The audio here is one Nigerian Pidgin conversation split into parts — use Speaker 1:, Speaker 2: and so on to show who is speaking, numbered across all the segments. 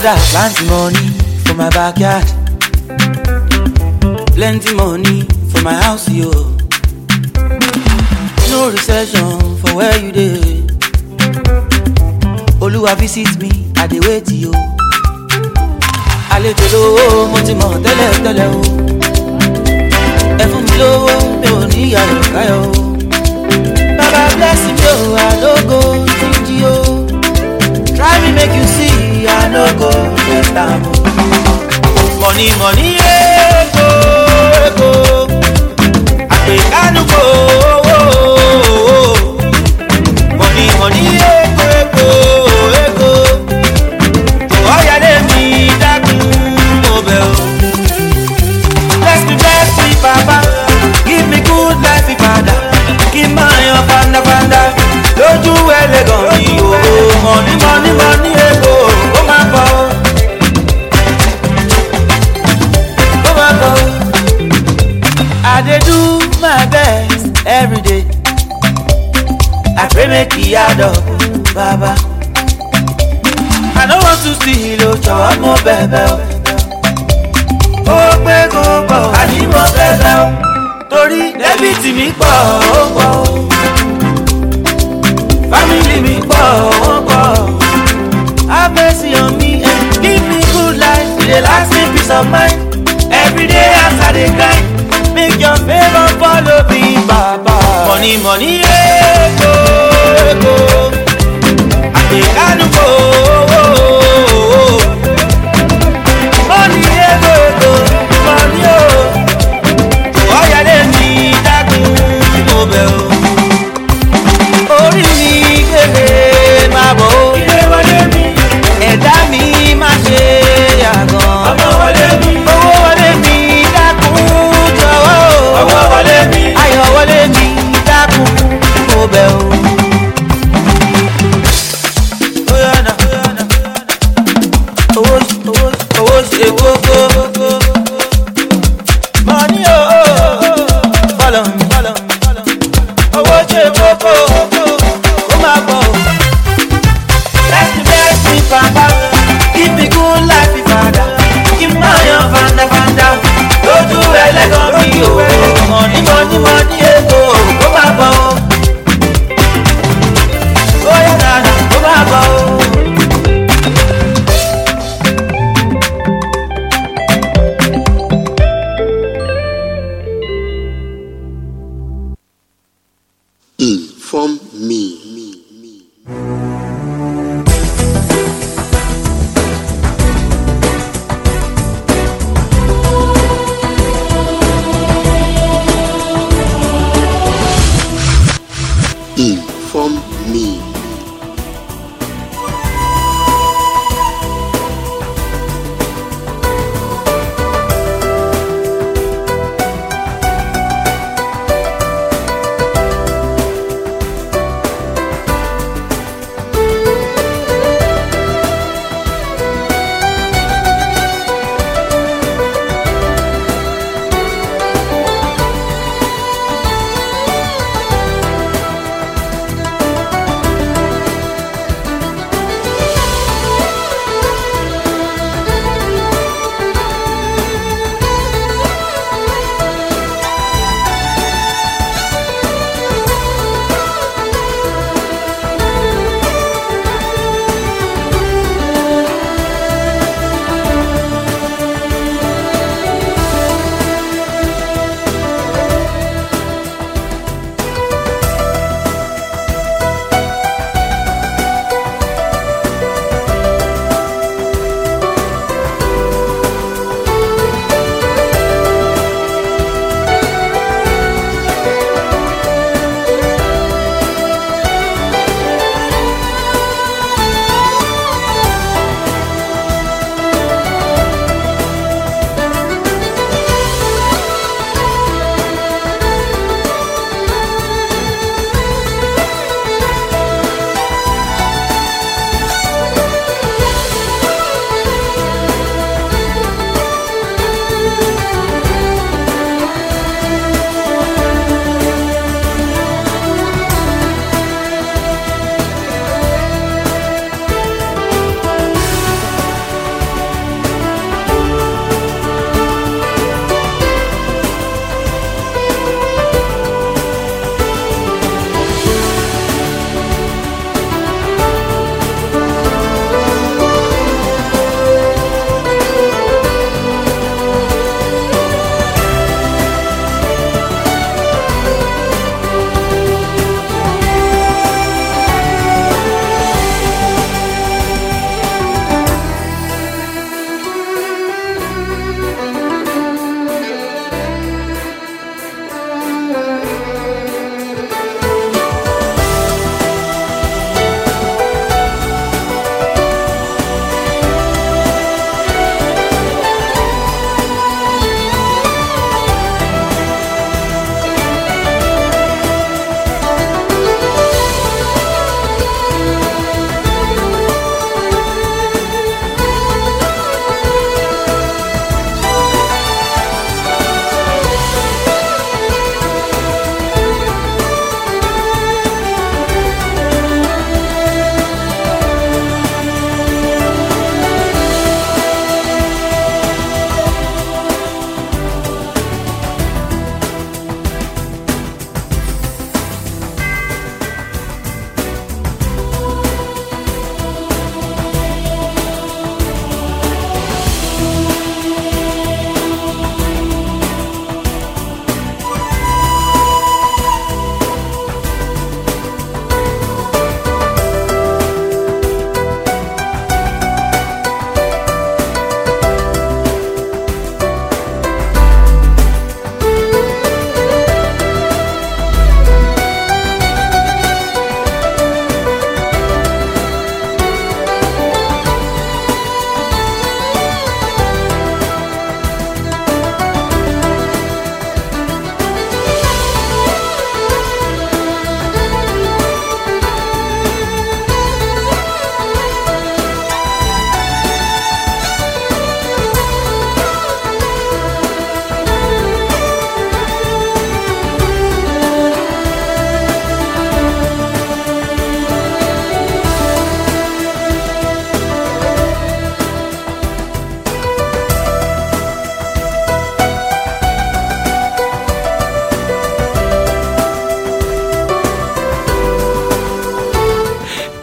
Speaker 1: father plenty money for my backyard plenty money for my house yo no recession for where you dey olúwa visit me i dey wait yo àlejò lówó mo ti mọ̀ tẹ́lẹ̀ tẹ́lẹ̀ o ẹ fún mi lówó mi ò ní ìyàwó káyọ̀ o baba bless me o àlógo jíjí o try me make you see i no go let am money money ego, I àpè I no go. money money ego, ego, eko kò ọ̀yàlẹ̀ mi dákun mo bẹ̀ o. bless me bless me papa give me good life Give padà kí n máa don't fandafanda lójú ẹlẹ́gàn. make e add up baba. I no want to see lo jọ̀wọ́ mo bẹ̀bẹ̀ o. Ó pé kó pọ̀ àní mo bẹ̀bẹ̀ o. Torí débìtì mi pọ̀ ó pọ̀ o. Fámìlì mi pọ̀ ó pọ̀ o. Abẹ́sí on me and eh. give me good life. E last me peace of mind. Every day as I dey grind. Make your favour follow me, Baba. Money, money, yeah. no por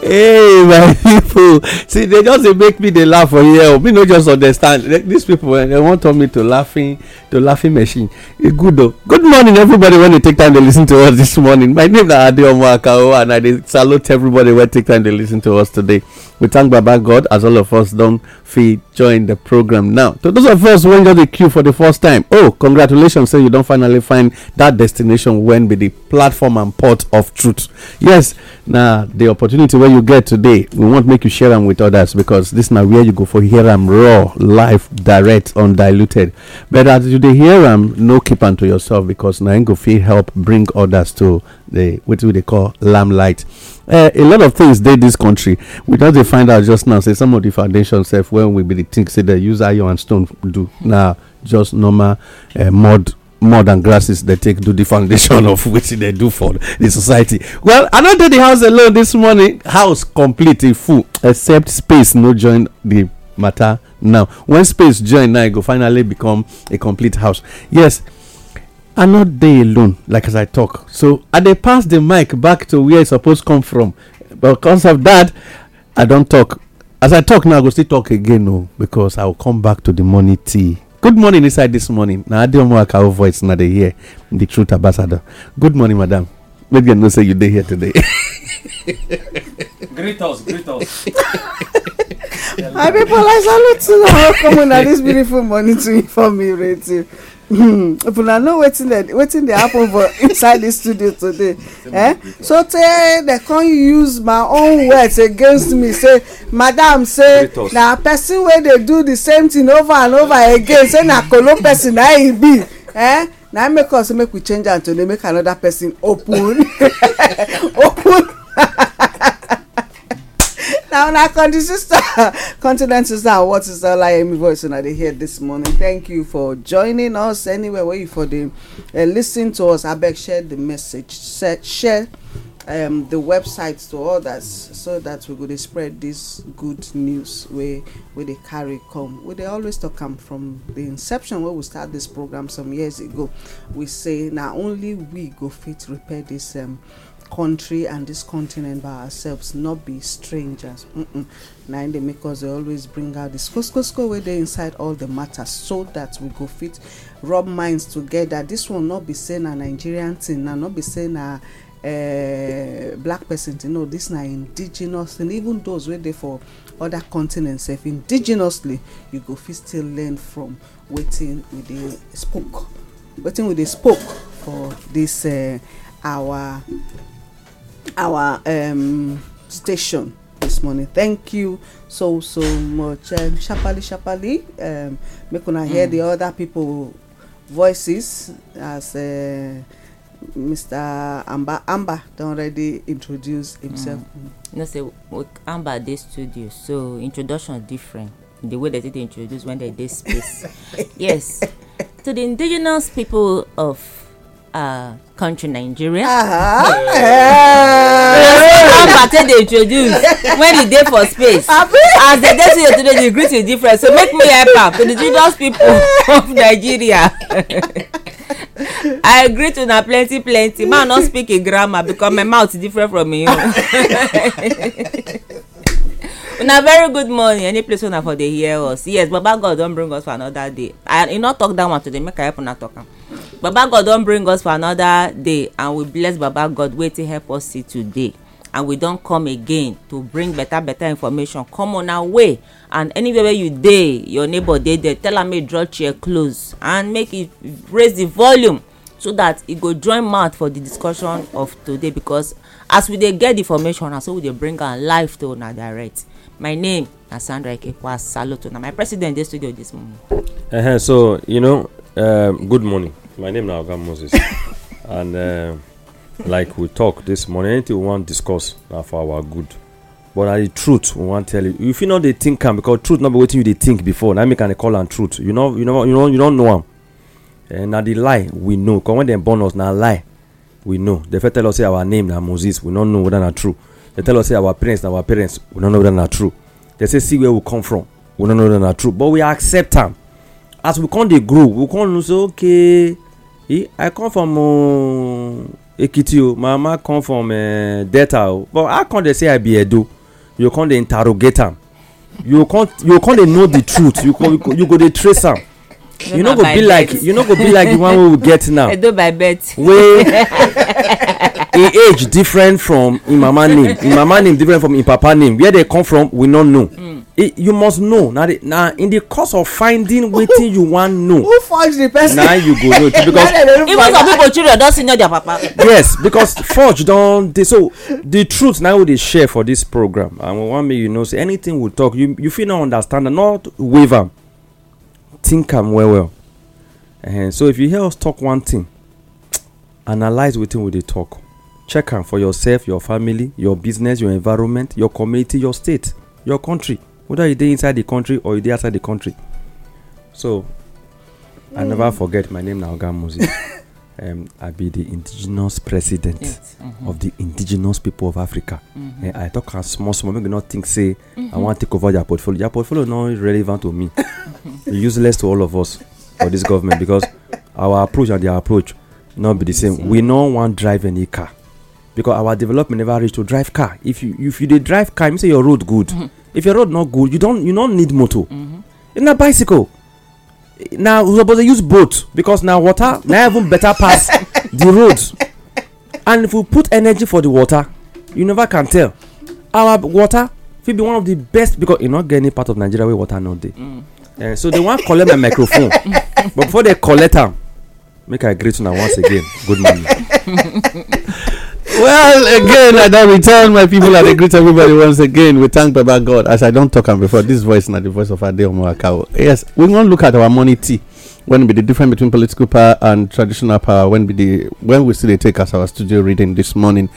Speaker 2: hey my people see they just dey make me dey laugh for here o me no just understand these people eh they wan turn me to laughing to laughing machine e good o oh. good morning everybody wey dey take time to lis ten to us this morning my name na adeomo akao and i dey salute everybody wey take time to lis ten to us today we thank baba god as all of us don fit join the program now. To those of us who enter the queue for the first time, oh, congratulations! Say so you don't finally find that destination when be the platform and port of truth. Yes, now the opportunity where you get today, we won't make you share them with others because this is now where you go for Here I'm raw, live, direct, undiluted. But as you hear, I'm no keep unto yourself because now go feel help bring others to the what do they call lamplight. Uh, eh, a lot of things did this country. We just find out just now. Say some of the foundation self when we be the think say dem use iron and stone do na just normal eh, mud mud and grasses They take do the foundation of wetin they do for the society well i no dey the house alone this morning house complete e full except space no join the matter now when space join now e go finally become a complete house yes i no dey alone like as i talk so i dey pass the mic back to where e suppose come from but because of that i don talk as i talk now i go still talk again o oh, because i will come back to the morning tea good morning inside this morning na adeomu akawo voice na dey hear the truth ambassador good morning madam make dem know say you dey here today.
Speaker 3: greet us greet us. my people i salute you and welcome una this
Speaker 4: beautiful morning to inform me radio. Hmm. if una know wetin dey wetin dey happen for inside dis studio today eh so tey dem come use my own words against me say madam say na person wey dey do the same thing over and over again say na kolo person na e be eh na make us make we change am to dey make another person open open our country sister, uh, continent sister, what is all I am and I they this morning. Thank you for joining us anywhere where you for the uh, listen to us. I beg share the message, share um, the websites to others so that we could spread this good news where where they carry come. Where they always talk come um, from the inception where we start this program some years ago. We say now only we go fit repair this um, country and this continent by ourselves not be strangers Mm-mm. na im dey make us always bring out the skoskosko Where they inside all the matters so that we go fit rub minds together this will not be say a nigerian thing na not be say a uh, black person thing no this now indigenous thing even those where they for other continents if indigenously you go fit still learn from waiting with the spoke waiting with the spoke for this uh, our our um, station this morning thank you so so much um, shapali shapali. um, make una mm. hear the other people voices as uh, mr Amber, amba don already introduce himself. Mm. you know
Speaker 5: say Amber, this studio so introduction different the way that they introduce when they this space yes to the indigenous people of uh, country nigeria. Uh-huh. Yeah. Yeah. they introduce when the dey for space as the dey see today the greeting different so make me help am to the indigenous people of nigeria. i agree to na plenty plenty ma no speak a grammar because my mouth different from im own. una very good morning any place una for dey hear us yes baba god don bring us for another day i e no talk that one today make i help una talk am baba god don bring us for another day and we bless baba god wetin help us see today and we don come again to bring better better information come on our way and anywhere where you dey your neighbor dey there tell am make draw chair close and make e raise the volume so that e go join mouth for the discussion of today because as we dey get the information na so we dey bring am live to una direct my name na sandra ikekwa saloto na my president dey studio this
Speaker 1: morning.
Speaker 3: Uh -huh, so you know uh, good morning My name now Oga Moses. and uh, like we talk this morning, anything we want discuss now for our good. But na the truth we wan tell you. You fit no dey think am because truth no be wetin you dey think before. Na make I dey call am truth. You know, you know, you know, you don't know am. And eh, na the lie we know. Because when dem born us, na lie we know. They first tell us say our name na Moses. We no know whether na true. They tell us say our parents na our parents. We no know whether na true. They say see where we come from. We no know whether na true. But we accept am. As we come dey grow, we come know say okay i come from ekiti o my mama come from eh, delta o but how come dey say i be edo you come dey interrogate am you come dey know the truth you go dey trace am you no go be like you no go be like the one wey we get now
Speaker 5: edo by birth wey
Speaker 3: im age different from im mama name im mama name different from im papa name where they come from we no know hmm. you must know na in the course of finding wetin you wan know who
Speaker 4: forge the person na you go know because even some
Speaker 3: people children don
Speaker 5: senior their papa
Speaker 3: yes because forge don dey so the truth na we dey share for this program and we wan make you know say anything we talk you you fit no understand and not waive am think am well well uh so if you hear us talk one thing analyze wetin we dey talk check am for yourself your family your business your environment your community your state your country whether you dey inside the country or you dey outside the country so mm.
Speaker 4: i never forget
Speaker 3: my name na oga muzi um, ehm, i be the indigenous president yes. mm-hmm. of the indigenous people of africa mm-hmm. uh, i talk am small small make you no think say mm-hmm. i wan take over their portfolio their portfolio no relevant to me useless to all of us for this government because our approach and their approach not be the same. We no want drive any car because our development never reach to drive car. If you if you dey drive car, you e say your road good. Mm-hmm. If your road not good, you don't you don't need motor. It's mm-hmm. not bicycle. Now we suppose to use boat because now water now even better pass the road. And if we put energy for the water, you never can tell. Our water will be one of the best because e not get any part of Nigeria where water no dey. Mm. Uh, so they wan collect my microphone but before they collect am make i greet una once again good morning.
Speaker 2: well again i don return my people i greet everybody once again we thank baba god as i don talk am before this voice na the voice of adeomo akawo yes we wan look at our money tea when be the difference between political power and traditional power when be the when we still take as our studio reading this morning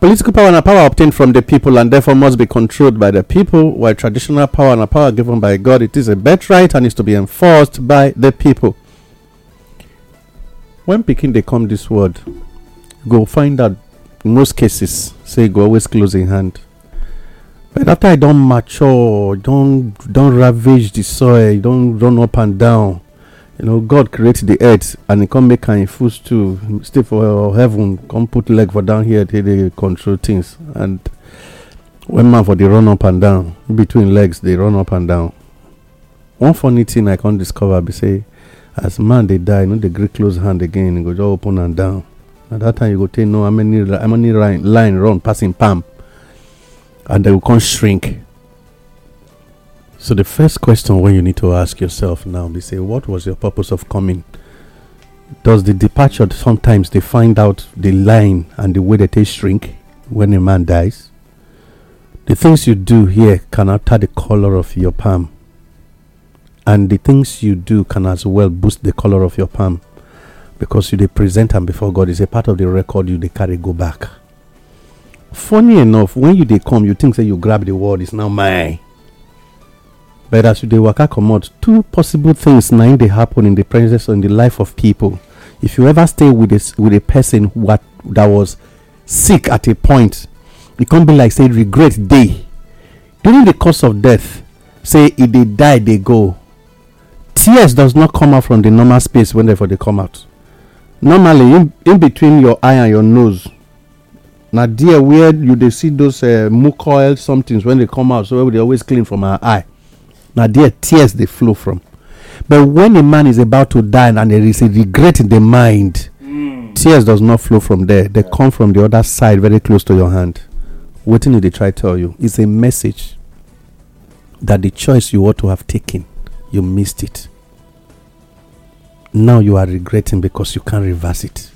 Speaker 2: political power and power obtained from the people and therefore must be controlled by the people while traditional power and power given by god it is a birthright and is to be enforced by the people when picking they come this word go find out most cases say go always close in hand but after i don't mature don't don't ravage the soil don't run up and down you know god create the earth and he come make am foot too stay for heaven come put leg for down here take dey control things and when man for dey run up and down between legs dey run up and down one funny thing i come discover be say as man dey die no dey gree close hand again e go just open and down na that time you go take know how many how many line line run pass him palm and they go come shrink So the first question where you need to ask yourself now they say what was your purpose of coming? Does the departure sometimes they find out the line and the way that they shrink when a man dies? The things you do here can alter the color of your palm. And the things you do can as well boost the color of your palm. Because you they present them before God is a part of the record you they carry go back. Funny enough, when you they come, you think that you grab the word, it's now mine but as you dey waka comot two possible things na they dey happen in the presence and the life of people if you ever stay with a with a person what that was sick at a point it can be like say regret day during the course of death say if they die they go tears does not come out from the normal space when they come out normally in, in between your eye and your nose Now, dear, where you they see those uh, eh, mucoid somethings when they come out so they always clean from our eye now, there tears they flow from. But when a man is about to die and there is a regret in the mind, mm. tears does not flow from there. They yeah. come from the other side, very close to your hand. What do they try to tell you? It's a message that the choice you ought to have taken, you missed it. Now you are regretting because you can't reverse it.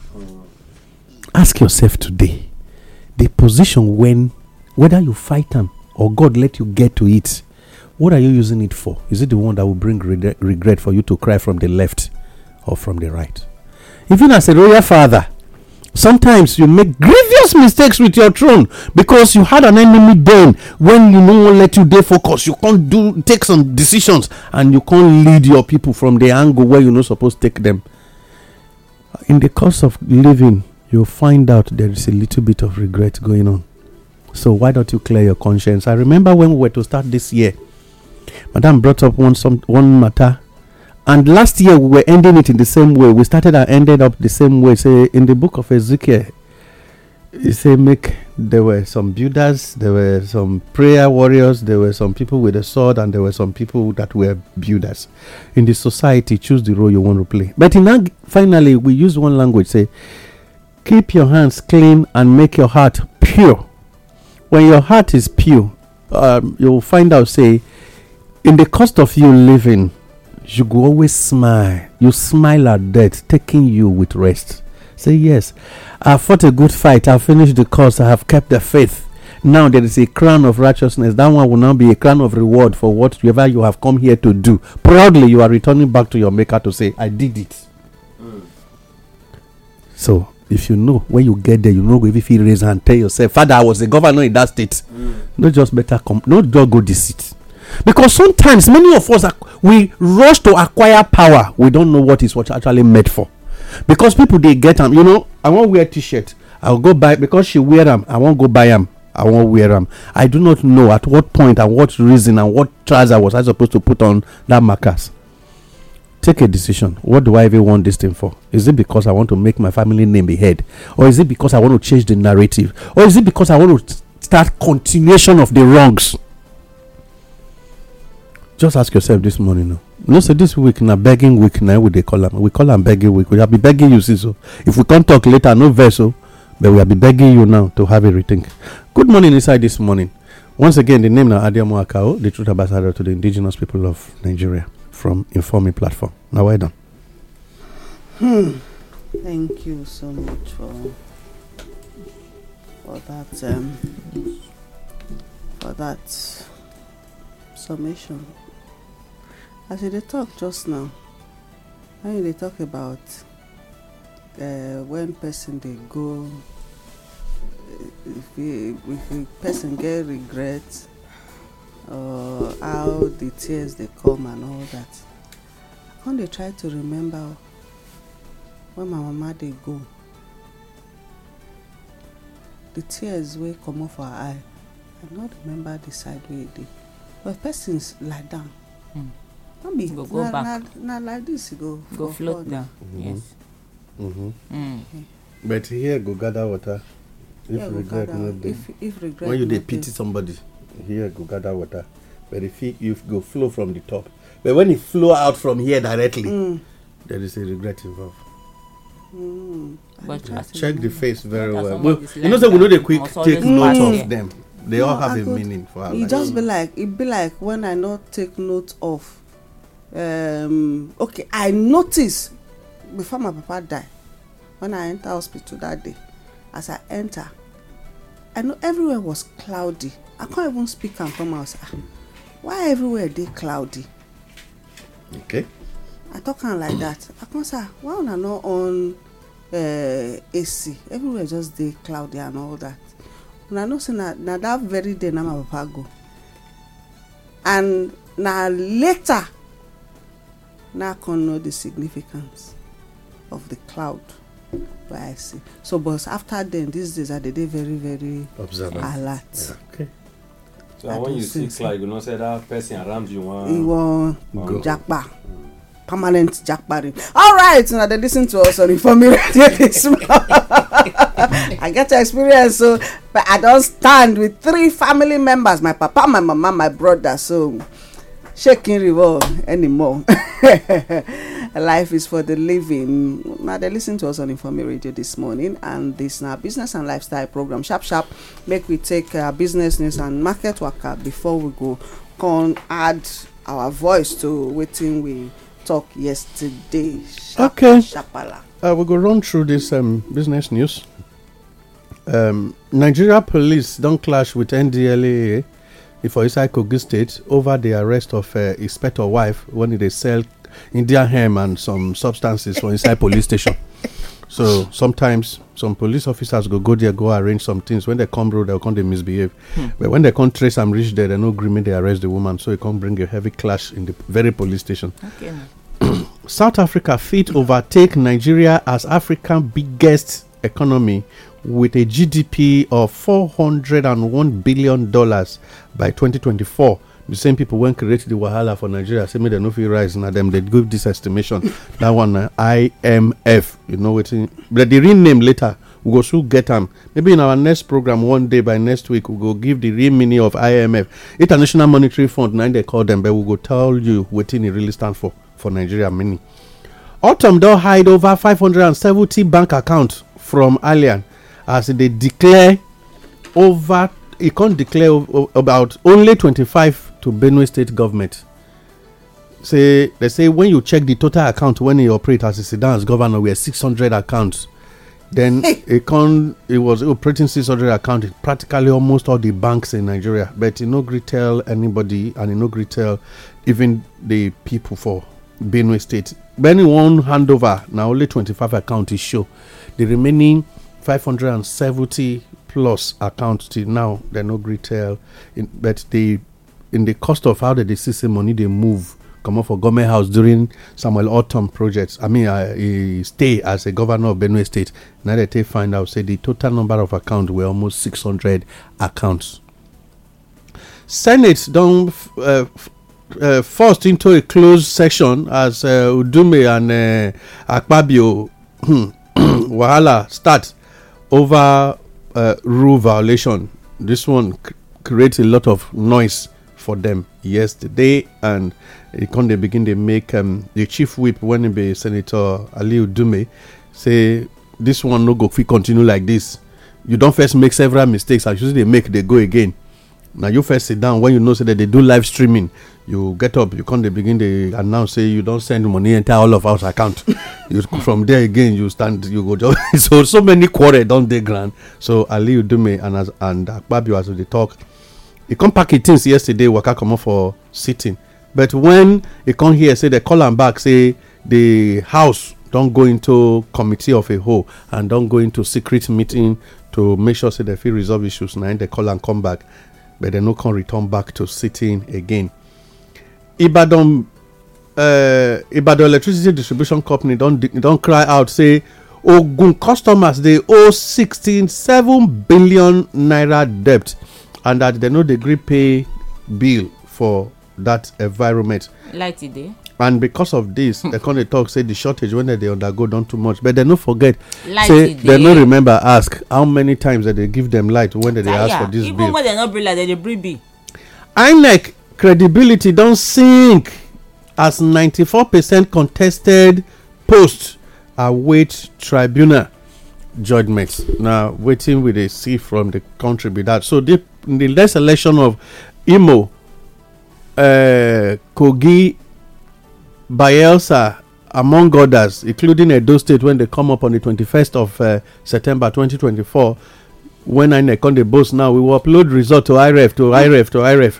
Speaker 2: Ask yourself today the position when, whether you fight them or God let you get to it, what are you using it for? Is it the one that will bring regret for you to cry from the left or from the right? Even as a royal father, sometimes you make grievous mistakes with your throne because you had an enemy then when you no one let you day focus you can't do take some decisions and you can't lead your people from the angle where you're not supposed to take them in the course of living you'll find out there is a little bit of regret going on so why don't you clear your conscience i remember when we were to start this year Madam brought up one some one matter, and last year we were ending it in the same way. We started and ended up the same way. Say in the book of Ezekiel, you say make there were some builders, there were some prayer warriors, there were some people with a sword, and there were some people that were builders. In the society, choose the role you want to play. But in ag- finally, we use one language. Say keep your hands clean and make your heart pure. When your heart is pure, um, you'll find out. Say in the cost of you living, you go always smile. You smile at death, taking you with rest. Say, Yes, I fought a good fight. I finished the course. I have kept the faith. Now there is a crown of righteousness. That one will now be a crown of reward for whatever you have come here to do. Proudly, you are returning back to your Maker to say, I did it. Mm. So, if you know when you get there, you know if you raise and tell yourself, Father, I was a governor in that state. Mm. Not just better, com- not just go deceit. Because sometimes many of us, are, we rush to acquire power. We don't know what is what actually made for. Because people, they get them. You know, I won't wear t-shirt. I'll go buy, because she wear them, I won't go buy them. I won't wear them. I do not know at what point and what reason and what trouser was I supposed to put on that markers. Take a decision. What do I even want this thing for? Is it because I want to make my family name ahead, Or is it because I want to change the narrative? Or is it because I want to start continuation of the wrongs? just ask yourself this morning no no say this week na begging week na we dey call am we call am begging week we have been begging you see so oh. if we come talk later no vex o oh. but we have been begging you now to have a rethink good morning inside this morning once again the name na adeomo akao the truth ambassador to the indigenous people of nigeria from informing platform na well done.
Speaker 4: Hmm. thank you so much for for that um, for that summation as you dey talk just now when you dey talk about eh, when person dey go eh, if e, e person get regret or how the tears dey come and all that i come dey try to remember when my mama dey go the tears wey comot for her eye i no remember the side wey e dey but person lie down hmm no be go go back na like dis go go float down mm-hmm. yes
Speaker 2: mm-hmm. Mm. but here go gather water if regret no dey when you dey pity somebody here go gather water but if you go flow from the top but when e flow out from here directly mm. there is a regret involved
Speaker 5: Mm. But check
Speaker 2: the face very well. well you know say we know dey quick take note of them. They all have a meaning
Speaker 4: for our life. E just be like It be like when I not take note of um, okay i notice before my papa die when i enter hospital that day as i enter i know everywhere was cloudy i can't even speak am come out why everywhere dey cloudy. okay. i talk am like that i come say why una no on uh, ac everywhere just dey cloudy and all that una know say na na that very day na my papa go and na later now I can know the significance of the cloud but I see. So, but after then, these days are the day very, very Observant. alert. Yeah. Okay. So I when you see cloud,
Speaker 3: you know, say that person around you want. He want japa.
Speaker 4: Permanent jackpot. All right, now they listen to us on Informe this I get to experience so, but I don't stand with three family members: my papa, my mama, my brother. So shaking revolve anymore. Life is for the living. Now they listen to us on Informe Radio this morning, and this now business and lifestyle program. Sharp, sharp. Make we take uh, business news and market worker before we go. Con add our voice to waiting we talk yesterday.
Speaker 2: Sharp, okay. Sharpala. Uh, we go run through this um, business news. Um, Nigeria police don't clash with NDLA for inside Kogi State over the arrest of uh, his pet or wife when they sell Indian ham and some substances for inside police station. So sometimes some police officers go go there, go arrange some things. When they come through, they'll come they misbehave. Hmm. But when they come trace and reach there, they no agreement they arrest the woman. So it can bring a heavy clash in the very police station. Okay. South Africa fit overtake Nigeria as African biggest economy with a GDP of $401 billion by 2024. The same people when created the Wahala for Nigeria, say, make no fee rise. Now, them, they give this estimation. that one, uh, IMF, you know, it's in, uh, but the real name later, we go soon get them. Maybe in our next program, one day by next week, we go give the real meaning of IMF, International Monetary Fund, now they call them, but we go tell you what it really stand for for Nigeria meaning. Autumn don't hide over 570 bank accounts from alien as they declare over he can't declare about only 25 to benue state government say they say when you check the total account when he operate as a sedan as governor we were 600 accounts then he con e was operating 600 accounts practically almost all the banks in nigeria but he no gree tell anybody and he no gree tell even the people for benue state Benue benin hand over now. only 25 account e show the remaining 570 plus accounts till now they no great tell in, but they in the cost of how they see money they move come off for government house during samuel autumn projects i mean i, uh, I stay as a governor of benue state now they find out say the total number of accounts were almost 600 accounts senate don't uh, uh, forced into a closed session as uh, Udume and uh, Akpabio hmm, wahala start over uh, rule violation. This one c- creates a lot of noise for them yesterday, and it can they begin to make um, the chief whip when e be Senator Aliu Dume say this one no go If we continue like this. You don't first make several mistakes as usually they make they go again. Now you first sit down when you know say that they do live streaming you get up you come dey begin dey announce say you don send money enter all of house account you from there again you stand you go just so so many quarrel don dey ground so aliyu dume and as and akpabio as we dey talk e come pack im e things yesterday waka comot for sitting but when e come hear say they call am back say the house don go into committee of a whole and don go into secret meeting to make sure say they fit resolve issues na im dem call am come back but they no can return back to sitting again ibadan uh, ibadan electricity distribution company don't don't cry out say ogun customers they owe 167 billion naira debt and that they no degree pay bill for that environment light e and because of this, dem hmm. come dey talk say the shortage wey dem dey undergo don too much but dem no forget say dem no remember ask how many times dem dey give dem light when dem dey ask for this. bill even
Speaker 5: when dem no bring light dem dey bring bill
Speaker 2: inec credibility don sink as ninety four percent contested post await tribunal judgment na wetin we dey see from di country be dat so di next election of imo eh, kogi Bielsa, among others, including Edo State, when they come up on the 21st of uh, September 2024, when INEC on the bus now, we will upload result to IRF, to IRF, to IRF.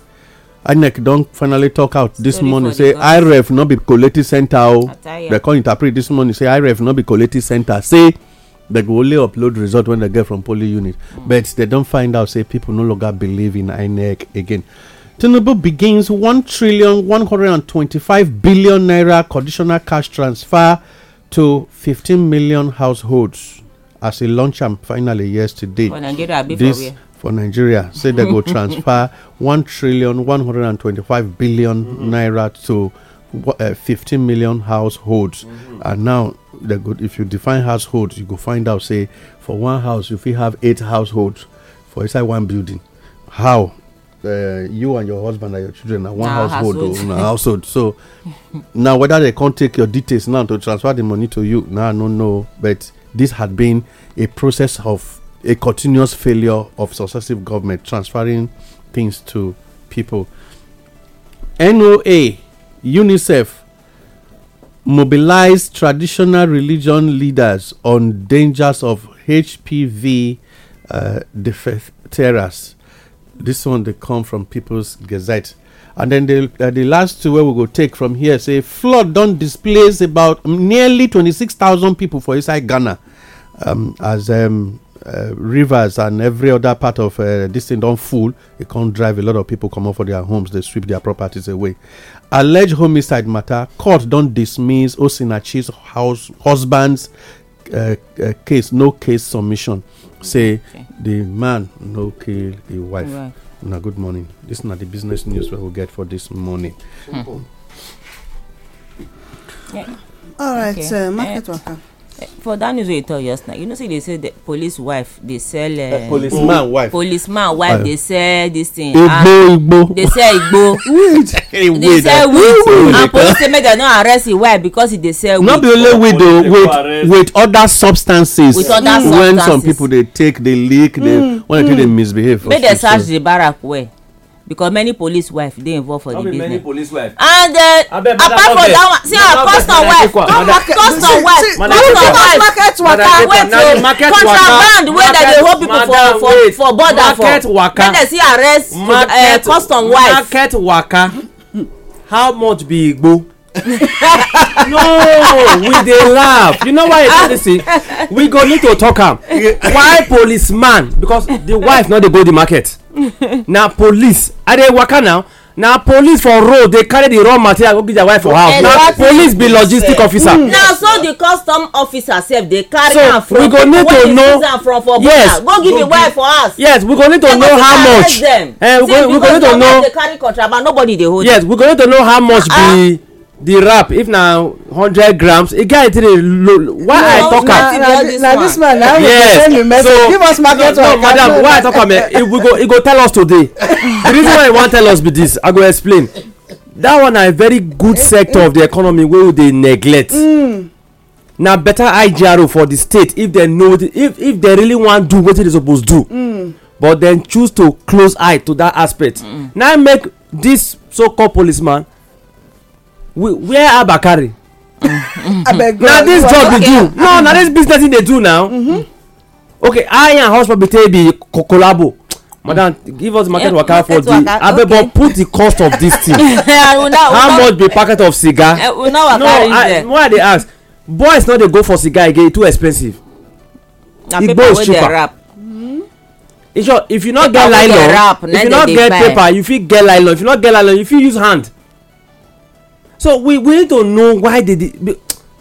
Speaker 2: INEC don finally talk out this Sorry morning say IRF no be collective center o they come interpret this morning say IRF no be collective center say they go only upload result when they get from polling unit mm. but they don find out say people no longer believe in INEC again. Tinubu begins 1 trillion 125 billion naira conditional cash transfer to 15 million households as a launch am finally yesterday. For Nigeria, this, for, Nigeria, say they go transfer 1 trillion 125 billion mm-hmm. naira to uh, 15 million households. Mm-hmm. And now they go if you define households, you go find out say for one house you we have eight households for inside one building. How uh, you and your husband and your children are one household, oh, household. household. So now whether they can't take your details now to transfer the money to you, now nah, no, no. But this had been a process of a continuous failure of successive government transferring things to people. NOA, UNICEF mobilized traditional religion leaders on dangers of HPV uh, this one they come from People's Gazette. And then the, uh, the last two where we go take from here say flood don't displace about um, nearly 26,000 people for inside Ghana um, as um, uh, rivers and every other part of uh, this thing don't full. It can't drive a lot of people come out for their homes. They sweep their properties away. Alleged homicide matter. Court don't dismiss Osinachi's house husband's uh, uh, case no case submission say okay. the man no kill the wife right. na good morning this na the business news wey we get for this morning. Mm.
Speaker 4: Yeah. all right okay. uh, market eh. waka
Speaker 5: for that news wey you tell us now you know say they say the police wife dey sell uh, eh, eh, man oh, wife Police man wife dey ah. sell this thing igbo ah, igbo dey sell igbo weed dey sell weed and police say make dem no arrest him wife because he dey sell weed no be only weed o with with
Speaker 2: other substances with other substances when some people dey take dey lick dey when they take dey hmm, hmm. misbehave for street make dem search
Speaker 5: the barrack well because many police wife dey involved for the business police wife? and uh, apart from that one see our custom wife custom wife custom wife market waka wait o oh, contraband wey dem dey hold people for for
Speaker 3: for border for make dem see arrest uh, custom wife. market waka how much be igbo no we dey laugh you know why i tell you say we go need to talk am why policeman because the wife no dey go the market na police i dey waka now na police for road dey carry the raw material go give their wife for house na police be logistic officer. na
Speaker 5: so the custom officer sef dey carry am from people wey dey use am from for border go give the wife for
Speaker 3: house. yes we go need to know how much. Eh, we go need to know. because the wife dey
Speaker 5: carry contraband
Speaker 3: nobody dey hold. yes we go need to know how much be. Ah, ah the wrap if na hundred grams e get wetin dey low why i talk am na this man na we go send you message give us market no, no madam why i talk am eh he go tell us today
Speaker 1: the reason why he wan
Speaker 3: tell us be this i go explain that one na a very good eh, sector eh. of the economy wey we dey neglect mm. na better igro for the state if dem know the, if if dem really wan do wetin dem suppose do mm. but dem choose to close eye to that aspect mm. na make this so called policeman where abakari
Speaker 1: mm-hmm.
Speaker 3: na this job we do no na this mm-hmm. business e dey do now mm-hmm. okay i and hospital take be collabo madam give us market waka for di but put the cost of this thing how much be packet of cigar no
Speaker 5: why
Speaker 3: i dey ask boys no dey go for cigar again e too expensive igbo e is cheaper if you no get nylon if you no get paper you fit get nylon if you no get nylon you fit use hand so we we need to know why they dey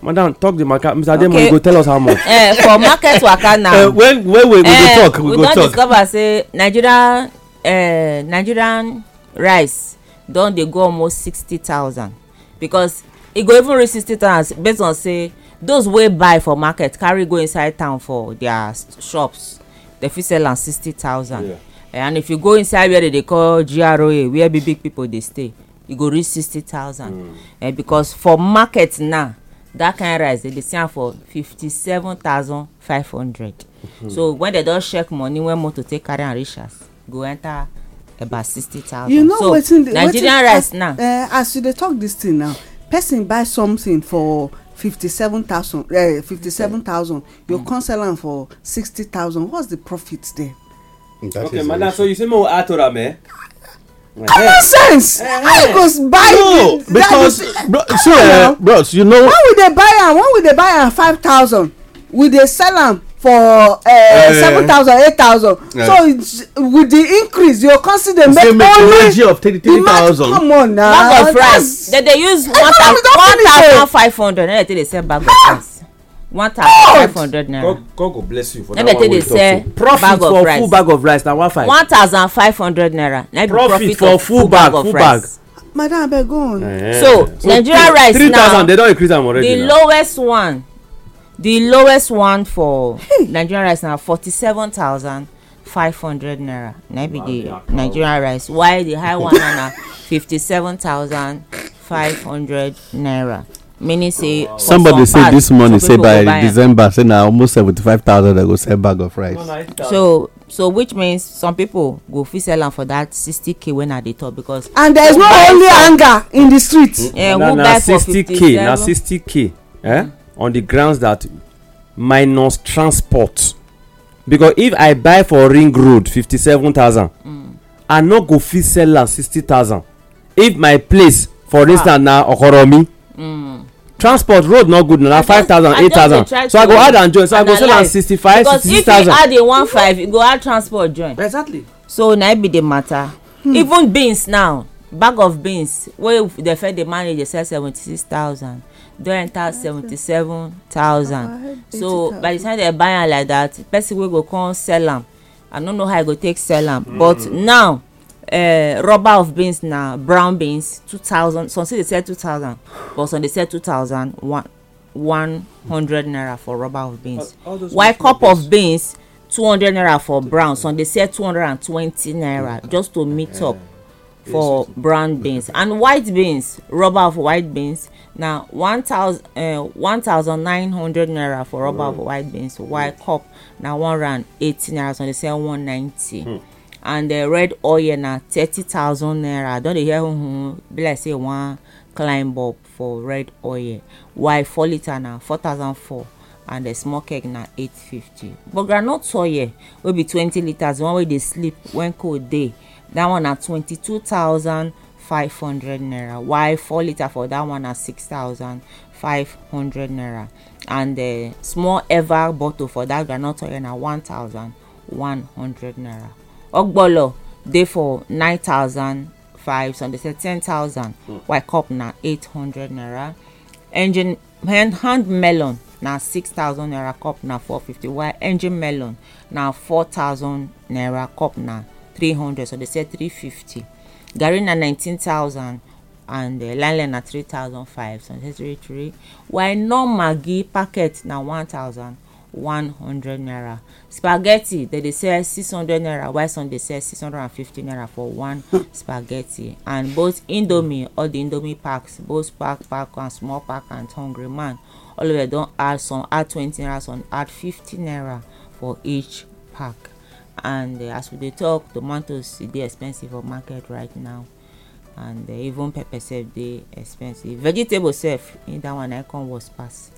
Speaker 3: madam talk the market mr okay. ademoye go tell us how much.
Speaker 5: Uh, for market waka now. Uh, when
Speaker 3: when we, we uh, go eh, talk we, we go talk. we don
Speaker 5: discover say Nigerian, uh, nigerian rice don dey go almost sixty thousand because e go even reach sixty thousand based on say those wey buy for market carry go inside town for their shops dem fit sell am sixty thousand and if you go inside where they dey call groa where big big people dey stay You go reach sixty thousand hmm. eh, because for market now that kind rice they dey sell am for fifty-seven thousand five hundred hmm. so when they don check money wey motor take carry am reach house go enter about sixty thousand you know so wetin the nigerian rice now
Speaker 4: uh, as you dey talk this thing now person buy something for fifty-seven thousand uh, fifty-seven thousand you mm. come sell am for sixty thousand what's the profit there.
Speaker 3: okay madam so you say make we add to am eh common eh. sense How you go buy no, the because
Speaker 2: bro, see uh, eh, bros you
Speaker 3: know
Speaker 4: when we dey buy am when we dey buy am five thousand we dey sell am for eh, seven thousand eight thousand so with the increase you come see dey make only
Speaker 2: the match come on
Speaker 4: na bag of
Speaker 5: dem dey use one thousand five hundred naira take dey sell bag of ah! rice one thousand five hundred naira.
Speaker 3: god go bless you for that one wey you talk so. profit for full bag of rice na one five. one
Speaker 5: thousand five hundred naira profit for full bag full bag.
Speaker 4: madam abeg go on.
Speaker 3: Eh, eh. so nigeria rice now three thousand they don increase am
Speaker 4: already the
Speaker 5: lowest one the lowest one for nigeria rice na forty-seven thousand five hundred naira na be the nigeria rice while the high one na fifty-seven thousand five hundred naira meaning say. somebody say this morning say by december
Speaker 2: say na almost seventy-five thousand dem go sell bag of rice.
Speaker 4: so
Speaker 5: so which means some people go fit sell am for that sixty k wey i dey talk because. and there is
Speaker 4: no only anger in the street. Yeah, na na sixty k na sixty
Speaker 3: k eh? Mm-hmm. on the grounds that minus transport because if i buy for ring road fifty-seven thousand mm. i no go fit sell am sixty thousand if my place for instance ah. na okoromi mm transport road not good na five thousand eight thousand so i go add am join so i go sell am sixty-five sixty thousand. because if you
Speaker 5: add a one five you go add transport join. exactly. so na e be the matter. Hmm. even beans now bag of beans wey dey fed the manager sell seventy-six thousand don enter seventy-seven thousand oh, so by the time they buy am like that person wey go come sell am i no know how i e go take sell am mm. but hmm. now uh, rubber of beans na brown beans two thousand some say they sell two thousand but some dey sell two thousand one one hundred naira for rubber of beans all, while cup of beans two hundred naira for brown some dey sell two hundred and twenty naira just to meet up eh, for brown beans and white beans rubber of white beans na one thousand eh, one thousand nine hundred naira for rubber of white beans while cup na one round eighty naira some dey sell one ninety. Hmm and uh, red oil na thirty thousand naira i don dey hear huhun be like say e climb up for red oil while four litre na four thousand four and the small keg na eight fifty but groundnut oil wey be twenty litres the one wey dey sleep when cold dey that one na twenty-two thousand five hundred naira while four litre for that one na six thousand five hundred naira and the small ever bottle for that groundnut oil na one thousand one hundred naira ogbolo dey for nine thousand five sunday so say ten thousand mm. while cup na eight hundred naira engine hand, hand melon na six thousand naira cup na four fifty while engine melon na four thousand naira cup na three hundred so dey say three fifty garri na nineteen thousand and uh, eh, lanlen na three thousand five so dey sell three three while normal maggi packet na one thousand one hundred naira spaghetti they dey sell six hundred naira while some dey sell six hundred and fifty naira for one spaghetti and both indomie all the indomie packs both pack pack and small pack and hungry man all of them don add some add twenty naira some add fifty naira for each pack and uh, as we dey talk tomatoes e dey expensive for market right now and uh, even pepper sef dey expensive vegetable sef in that one i come was pass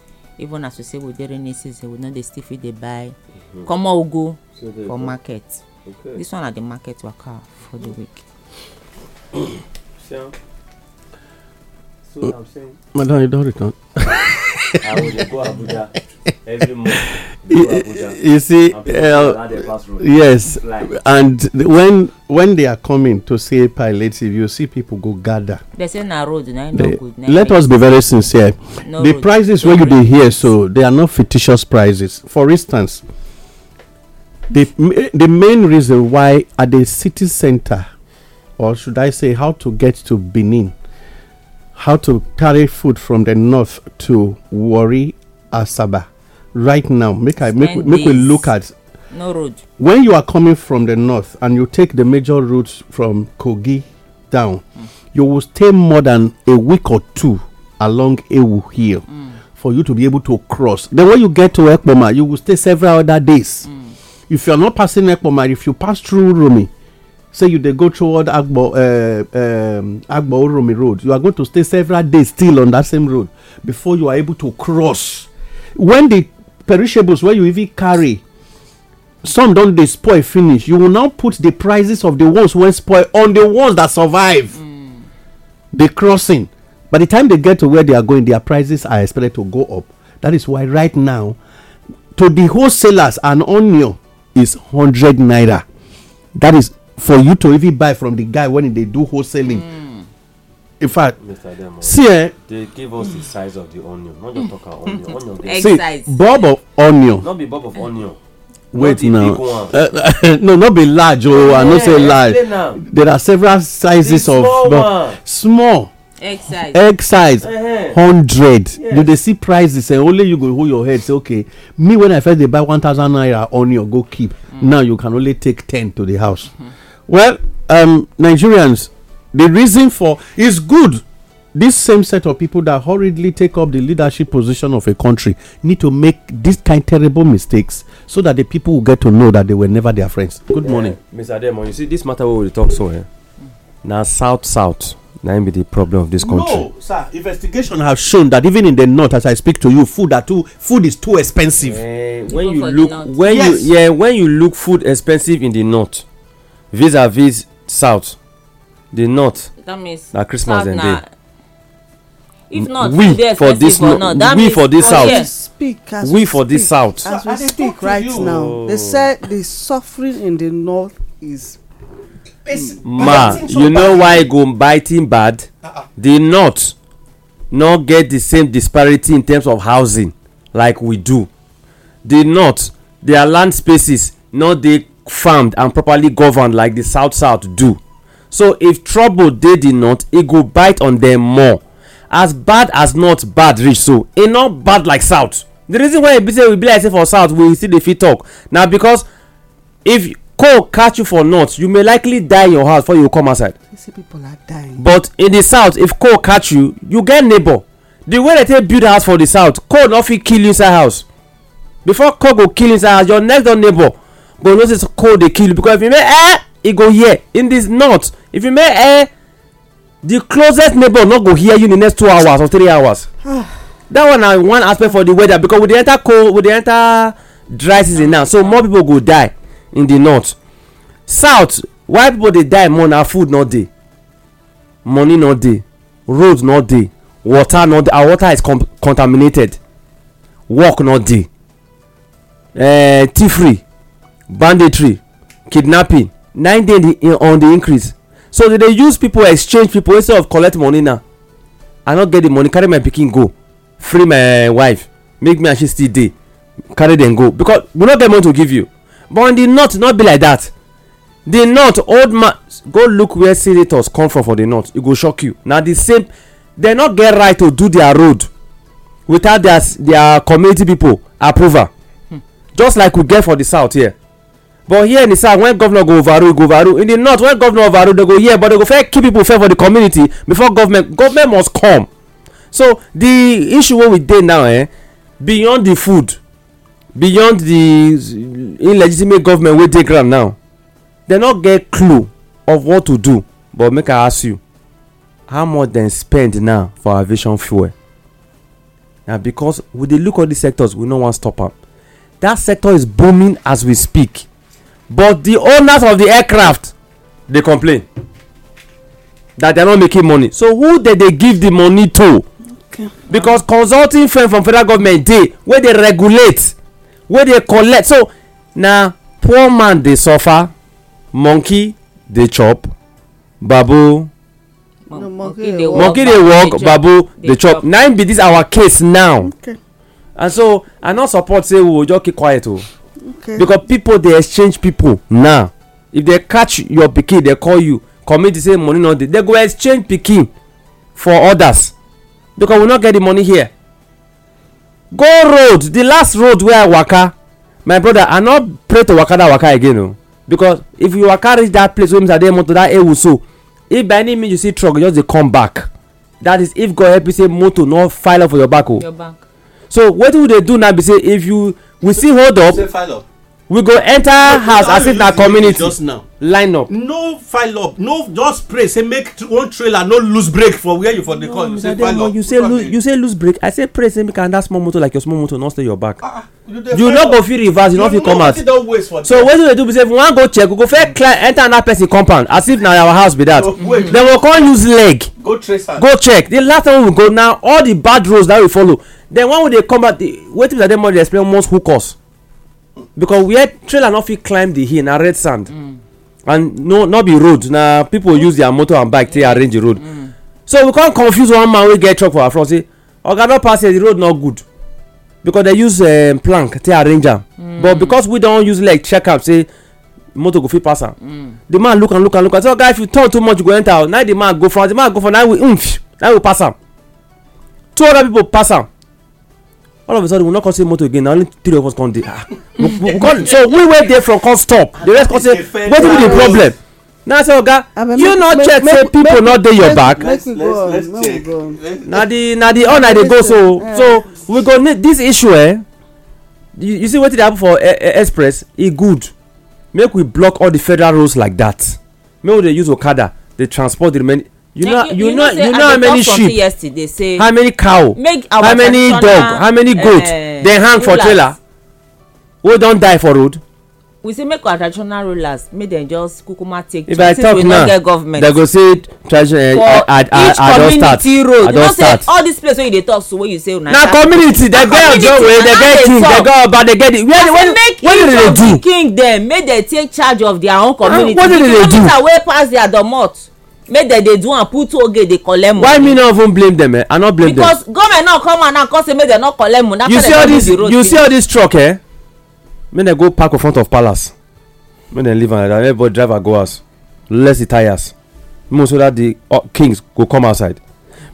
Speaker 5: even as we say with the rainy season we no dey still fit dey buy mm -hmm. common ugu so for go. market okay. this one na the market waka for the week.
Speaker 1: madam
Speaker 2: you don return. i will dey go abuja. you see, uh, yes, and when when they are coming to see pilots, if you see people go gather. They say na road, na no good. let us be very sincere. No the road, prices where you be here, so they are not fictitious prices. For instance, the eh, the main reason why at the city center, or should I say, how to get to Benin, how to carry food from the north to Wari, Asaba right now make i make, make we look at no road when you are coming from the north and you take the major routes from kogi down mm. you will stay more than a week or two along ewu hill mm. for you to be able to cross then when you get to ekpoma you will stay several other days mm. if you are not passing ekpoma if you pass through rumi say you dey go toward agbo uh, um, agbo oromi road you are going to stay several days still on that same road before you are able to cross when the perishables where you even carry some don't they spoil finish you will now put the prices of the ones when spoil on the ones that survive mm. the crossing by the time they get to where they are going their prices are expected to go up that is why right now to the wholesalers an onion is hundred naira that is for you to even buy from the guy when they do wholesaling mm. in fact see eh.
Speaker 3: they give us the size of the onion Not just talk about onion onion dey.
Speaker 1: see size.
Speaker 2: bulb of onion. no
Speaker 3: be bulb of
Speaker 1: onion.
Speaker 2: wait now uh, no not be large oh i no say large there are several sizes of small egg size egg size uh-huh. hundred you dey see prices and eh, only you go hold your head say okay me when i first dey buy one thousand naira onion go keep mm. now you can only take ten to the house mm-hmm. well um nigerians The reason for is good. This same set of people that hurriedly take up the leadership position of a country need to make these kind of terrible mistakes so that the people will get to know that they were never their friends. Good morning, uh,
Speaker 3: Mr. Ademo. You see,
Speaker 2: this matter we will talk so. Eh? Now, South South, Now, be the problem of this country. no sir investigation have shown that even in the north as i speak to you food are too food is too expensive. Uh, when you look when yes. you yeah when you
Speaker 3: look food expensive in the north vis-a-vis south the north
Speaker 4: na christmas dem dey if not we for this we for this south we for
Speaker 3: this south.
Speaker 4: as we speak right now they oh. say the suffering in the north is. ma you know
Speaker 3: why e go biting bad uh-uh. the north no get the same disparity in terms of housing like we do the north their land spaces no dey farmed and properly governed like the south south do so if trouble dey di north e go bite on them more as bad as north bad reach so e not bad like south the reason why e be say we be like say for south we still dey fit talk na because if cold catch you for north you may likely die in your house before you come outside but in the south if cold catch you you get neighbor the way they take build house for the south cold no fit kill you inside house before cold go kill you inside house your next door neighbor go know say cold dey kill you because if you make eh e go hear in this north if you make eh, air the closest neighbor no go hear you in the next two hours or three hours that one na one aspect for the weather because we dey enter cold we dey enter dry season now so more people go die in the north south why people dey die more na food no dey money no dey road no dey water no dey our water is contaminated work no dey uh, thievery banditry kidnapping nine dey on the increase so they dey use people exchange people instead of collect money now i no get the money carry my pikin go free my wife make me and she still dey carry dem go because we no get money to give you but on the north not be like that the north old man go look where senators come from for the north e go shock you na the same they no get right to do their road without their their community people approval hmm. just like we get for the south here but here in the south when governor go overrule go overrule in the north when governor overrule they go hear but they go first keep people fair for the community before government government must come so the issue wey we dey now eh beyond the food beyond the illegitimate government wey dey ground now dem no get clue of what to do but make i ask you how much dem spend now for aviation fuel na because we dey look all these sectors we no wan stop am that sector is booming as we speak but the owners of the aircraft dey complain that they are not making money so who dey dey give the money to okay. because consulting firm from federal government dey wey dey regulate wey dey collect so na poor man dey suffer monkey dey chop babu
Speaker 4: no, monkey dey work
Speaker 3: babu dey chop na im be this our case now okay. and so i no support say we go just keep quiet o. Oh okay because people dey exchange people now if they catch your pikin they call you commit the same money no dey they go exchange pikin for others because we no get the money here go road the last road wey i waka my brother i no pray to waka that waka again o oh. because if you waka reach that place wey mr ademoto that ewu so if by any means you see truck just dey come back that is if god help you say motor no file up for your back o oh. so wetin we dey do now be say if you we see hold up we go enter house as if na community line up.
Speaker 2: no file up no just pray say make one trailer no lose brake for where you for dey call you say file
Speaker 3: up. you say lose you say lose brake i say pray say make another small motor like your small motor no stay your back. Ah, ah.
Speaker 1: you no go fit reverse you no fit come out so wetin
Speaker 3: we do be say if we wan go check we go first climb enter another person compound as if na our house be that then we come use leg go check the last time we go now all the bad roads that we follow then one wey dey come back wetin that? ademola dey explain almost hook us because where trailer no fit climb the hill na red sand mm. and no no be road na people use their motor and bike take arrange the road mm. so we come confuse one man wey get truck for our front say oga no pass here the road no good because they use um, plank take arrange am mm. but because we don use leg check am say motor go fit pass am the man look am look am look am say oga if you turn too much you go enter now the man go front the man go front now we pass am two other people pass am all of a sudden we not come see motor again na only three of us come dey ah so we wey dey from come stop the rest come say wetin be the problem na say oga ah, you no check say people no dey your back na the na the all i dey go so so we go need this issue eh you, you see wetin dey happen for eh, eh, express e good make we block all the federal roads like that make we dey use okada dey transport the remaining you know you, know you know how many sheep
Speaker 5: how many cow how many dog how many goat uh, eh, dem hang for trailer
Speaker 3: wey don die for road.
Speaker 5: we say make our traditional rulers make dem just kukuma take if i talk now dem go
Speaker 3: say traditional uh, eh, i i i don start i don start
Speaker 5: all these places wey you dey talk so wey you say una na
Speaker 3: community dem get ojo wey dem get king dem get oba dem get the where where where dey dey do king
Speaker 5: dem make dem take charge of their own community the community wey pass their domot make dem dey do am put toll gate collect
Speaker 3: money. why me no even blame dem eh i no blame dem. because
Speaker 5: government now come out now come say make dem no collect money You see all this. you see
Speaker 3: all this truck eh make dem go park in front of palace make dem leave am like that everybody drive am go house less the tires more so that the uh, kings go come outside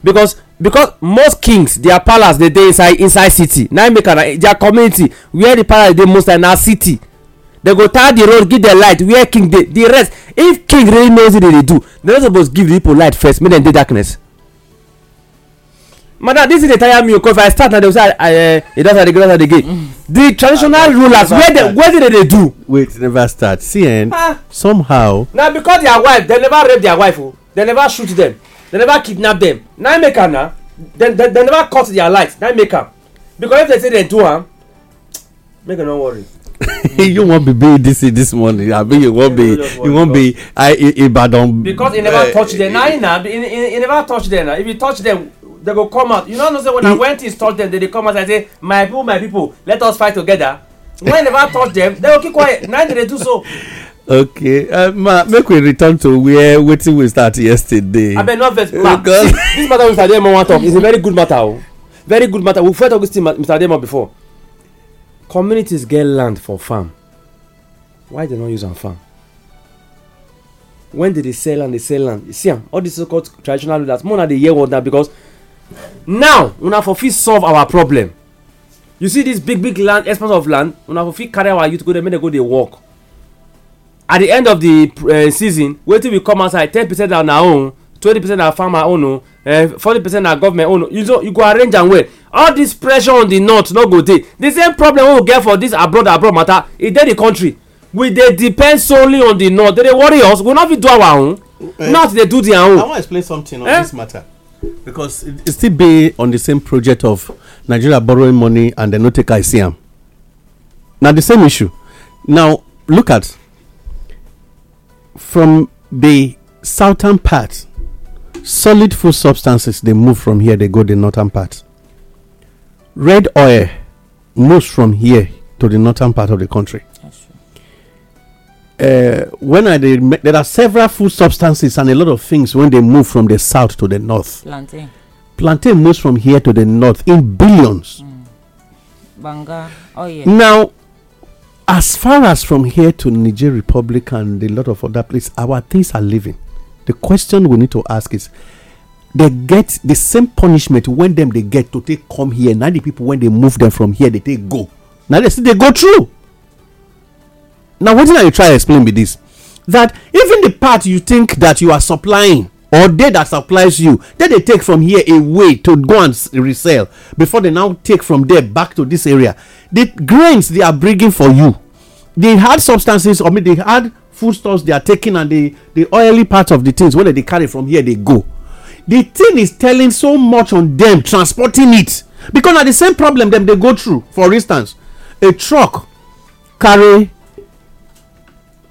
Speaker 3: because because most kings their palace dey dey inside inside city na make am their community where the palace dey most time na city They go tie the road give dem light where king dey di rest if king really knows wetin dem dey do dem no suppose give the people light first make dem dey darkness madam dis thing dey tire me o oh, cos if i start na dem say
Speaker 2: i e don start again don start again the traditional ah, rulers where wetin dem dey do. wait never start see eh ah. somehow.
Speaker 3: na because their wife dem never rape their wife o oh. dem never shoot dem dem never kidnap dem na im make am na dem dem never cut their light na im make am because if dem say dem do am make dem no worry.
Speaker 2: you won't be being DC this morning. I mean, you won't be, you won't be I, Ibadan. Because he never eh, touched
Speaker 3: them. Eh, now, eh. now, he never touched them. If you touch them, they go come out. You know, no say when I went to touch them, they, they come out and say, "My people, my people, let us fight together." When I never touch them, they will keep quiet. Now they do so.
Speaker 2: okay uh, ma make we return to where wetin we start yesterday. abeg
Speaker 3: no vex Because
Speaker 2: this matter wey mr adeyemo wan talk is a very good matter oh. very good matter We've heard talk this
Speaker 3: thing mr adeyemo before communities get land for farm why they no use am farm when they dey sell land dey sell land you see am all these so called traditional rulers more na dey hear word na because now una for fit solve our problem you see this big big land expanse of land una for fit carry our youth go there make dem go dey work at the end of the uh, season wetin we come outside ten percent na our own twenty percent na farmer own o oh, eh, forty percent na government own oh. you know you go arrange am well all this pressure on the north no go dey the same problem wey we get for this abroad abroad matter e dey the country we
Speaker 2: dey depend solely on the north they dey worry us we no fit do our own uh, north dey do their own. i wan explain something on eh? this matter because e still be on the same project of nigeria borrowing money and dem no take eye see am na the same issue now look at from the southern part solid food substances they move from here they go the northern part red oil moves from here to the northern part of the country uh, when I did, there are several food substances and a lot of things when they move from the south to the north. Plantain. Plantain moves from here to the north in billions. Mm.
Speaker 5: Banga. Oh yeah. Now,
Speaker 2: as far as from here to Niger Republic and a lot of other places, our things are living. The question we need to ask is they get the same punishment when them they get to take come here. Now the people when they move them from here, they take go. Now they see they go through. Now what did I try to explain with this? That even the part you think that you are supplying or they that supplies you, then they take from here away to go and resell before they now take from there back to this area. The grains they are bringing for you, they had substances, I mean, they had foodstuffs they are taking and the the oily part of the things wey they carry from here they go the thing is telling so much on them transporting it because na the same problem dem dey go through for instance a truck carry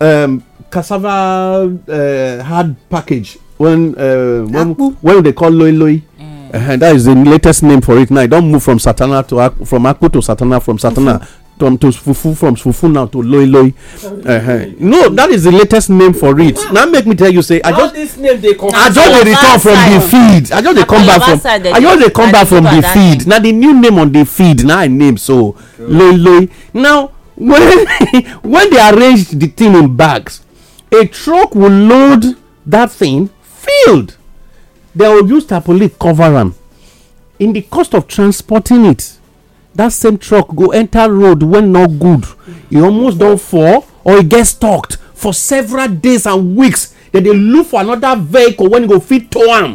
Speaker 2: um, cassava uh, hard package when uh, when, when they call loi loi mm. uh, that is the latest name for it now e don move from satana to ak from akpu to satana from satana mm-hmm. from to fufu from fufu now to loy loy uh uh-huh. no that is the latest name for it now make me tell you say i just
Speaker 3: this name They come i just dey return
Speaker 2: from the feed i just they come back from i just they come back from the feed Now the new name on the feed Now i name so loy loy now when when they arrange the thing in bags a truck will load that thing filled they will use tarpaulin cover am in the cost of transporting it that same truck go enter road wey no good e almost don fall or e get stuck for several days and weeks dem dey look for another vehicle wey go fit tow am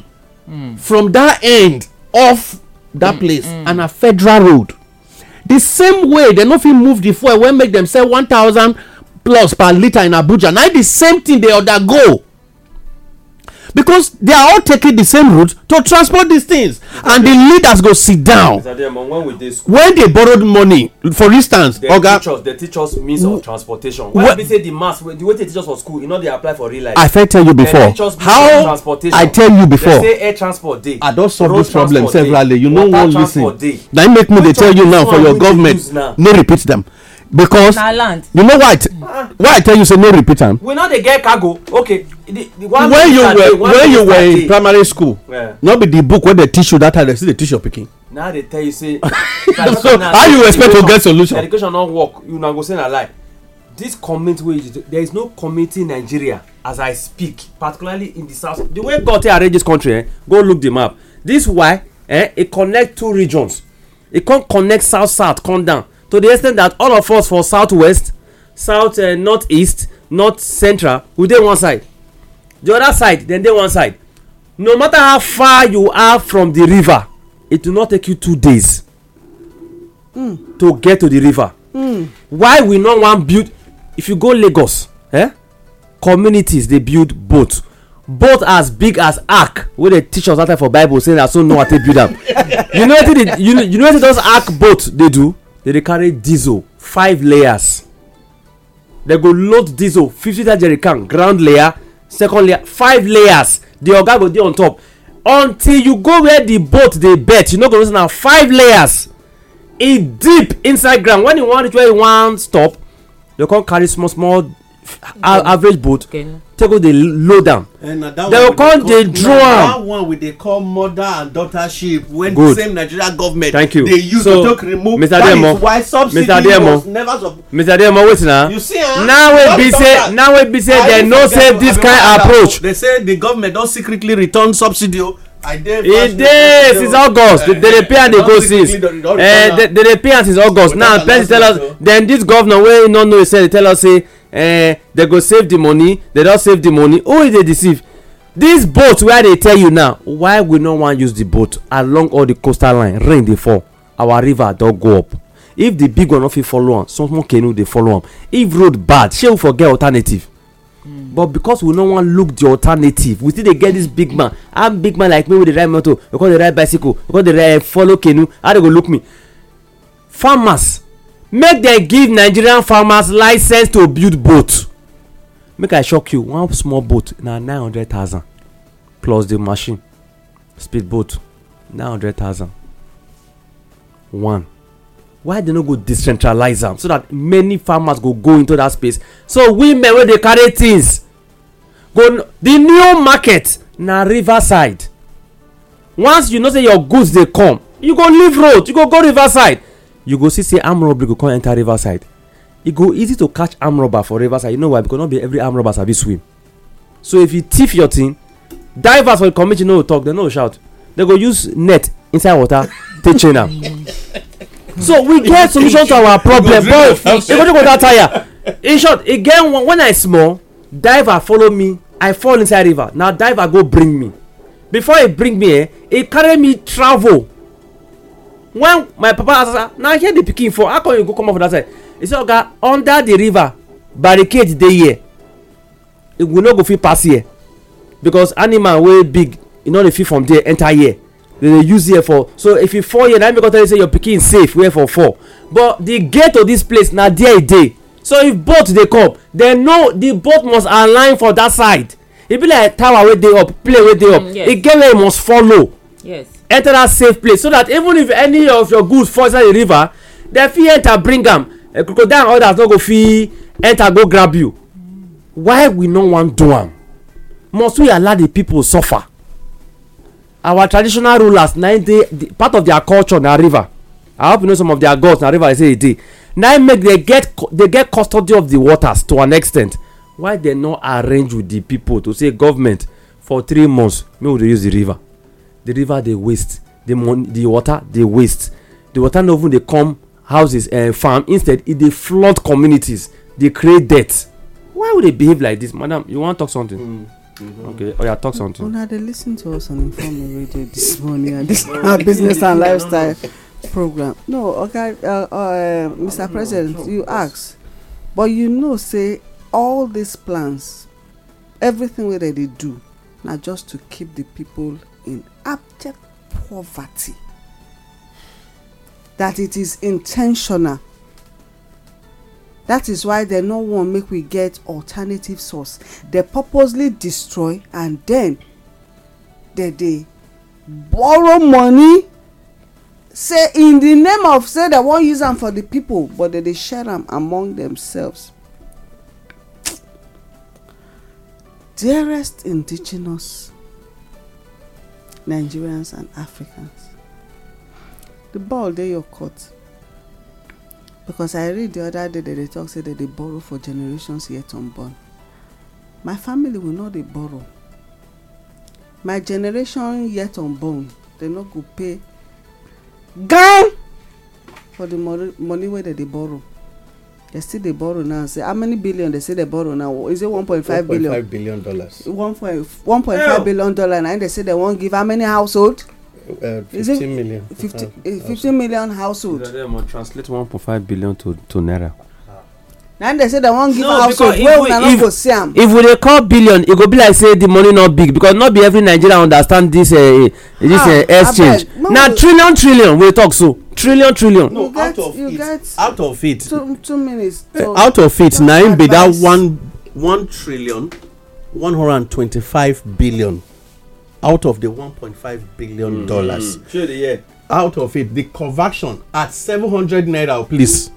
Speaker 2: from that end off that mm, place mm. and na federal road the same way dem no fit move the fuel wey make dem sell one thousand plus per litre in abuja na the same thing dey undergo because they are all taking the same route to transport these things and the leaders go sit down when they borrowed money for instance the oga
Speaker 3: the teachers means of transportation why be say the mass the way they teach us for school You know they apply for real life i fit tell you before how i tell you before air transport dey
Speaker 2: i don solve this problem severally you no wan lis ten na make me dey tell you now for your government no repeat them because you know why i tell you say no repeat am
Speaker 3: we no dey get cargo okay the, the one when you were when you were in
Speaker 2: primary school yeah. no be the book wey dey teach you that time dey still dey teach your pikin.
Speaker 3: now dey tell you say. so how you expect to get solution. education no work you na go say na lie this community wey you there is no community in nigeria as i speak particularly in the south the way god take arrange this country eh go look the map this why eh e connect two regions e come connect south south come down to the extent that all of us for south west south uh, north east north central we dey one side the other side dem dey one side no matter how far you are from the river it will not take you two days mm. to get to the river mm. why we no wan build if you go lagos eh? communities dey build boat boat as big as ark wey dey teach us that time for bible say na so noah take build am you know wetin the you, you know wetin those ark boat dey do they dey carry diesel five layers they go load diesel fifty litre jerry can ground layer second layer five layers the oga go dey on top until you go where the boat dey bet you no go know say na five layers e deep inside ground when you wan reach where e wan stop dem come carry small small average boat take go dey load am
Speaker 2: dem come dey draw am. that one we dey call mother and daughter ship when Good. the same nigeria government dey use so, to take remove mr. Ademo, why subsidy mr. Ademo, was never suppose.
Speaker 3: mr adeyemo wetin na
Speaker 2: now ah, wey be say now wey be say dem no say this kind oh? approach. they say the government don secretly return subsidy o oh i dey e since august they dey pay and dey go since eh,
Speaker 3: they dey pay am since august now person tell us then this governor wey no know he himself tell us say eh they go save the money they don save the money who e dey deceive this boat wey i dey tell you now why we no wan use the boat along all the coastal line rain dey fall our river don go up if the big one no fit follow am small small canoe dey follow am if road bad shey we forget alternative but because we no wan look the alternative we still dey get this big man how big man like me wey dey ride motor we come dey ride bicycle we come dey ride eh, follow canoe how dey go look me farmers make dem give nigerian farmers license to build boat make i shock you one small boat na nine hundred thousand plus the machine speed boat nine hundred thousand one why dem no go decentralize am so that many farmers go go into that space so women wey dey carry things go the new market na riverside. once you know say your goods dey come you go leave road you go go riverside. you go see say arm robbery go come enter riverside. side e go easy to catch arm robber for riverside. you know why because no be every arm robber sabi swim so if you thief your thing divers for the community no go talk dem no go shout dem go use net inside water take chain am so we get solution to our problem boy ekweju go that tire in short e get one when i small diver follow me i fall inside river na diver go bring me before e bring me eh e carry me travel when my papa ask ah, na here the pikin fall how come you go comot for that side he say oga under the river barricade dey here we no go fit pass here because animal wey big e no dey fit from there enter here They dey use here for so if you fall here na make go tell you say your pikin safe where for fall but the gate to this place na there e dey so if boat dey come dem know the boat must align for that side e be like tower wey dey up plane wey dey up mm, e get where e must follow Yes. enter that safe place so that even if any of your goods fall inside the river dem fit enter bring am crocodile and others no go fit enter go grab you why we no wan do am must we allow the people suffer our traditional rulers na dey part of their culture na river i hope you know some of their gods na river i say e dey na make they get they get custody of the waters to an extent why they no arrange with the people to say government for three months make we dey use the river the river dey waste the money the water dey waste the water no even dey come houses uh, farm instead e dey flood communities dey create debt why we dey behave like this madam you wan talk something. Mm. Mm-hmm. Okay. Oh yeah, talk something.
Speaker 4: Una they listen to us on informal Radio this morning and this our business and lifestyle program. No, okay, uh, uh, uh Mr. President, you ask, but you know, say all these plans, everything wey they do, na just to keep the people in abject poverty. That it is intentional that is why they no want make we get alternative source They purposely destroy and then they dey borrow money say in the name of say they wan use am for the people but they dey share am among themselves dearest indigenous nigerians and africans the ball dey your court because i read the other day that they talk say that they borrow for generations yet unborn my family will not dey borrow my generation yet unborn they no go pay gan for the money money wey dem dey borrow they still dey borrow now say how many billion they say they borrow now is it one point five billion one point five billion dollars one point one point five billion dollar na they say they wan give how many household uh, 15 million 50, uh, 15 uh, million household. Yeah,
Speaker 3: yeah, translate 1.5 billion to, to naira.
Speaker 4: And they say dem wan give no, household wey una no go see am.
Speaker 3: if we dey call billion e go be like say the money no big because no be every nigerian understand this uh, uh this ah, uh, exchange abeg, na trillion trillion we talk so trillion trillion.
Speaker 2: no get, out of it out of it two, two minutes, so eh, out of it na im be that one one trillion one hundred and twenty-five billion out of the one point five billion mm-hmm. dollars. Mm. Sure, Out of it, the conversion at seven hundred naira, please.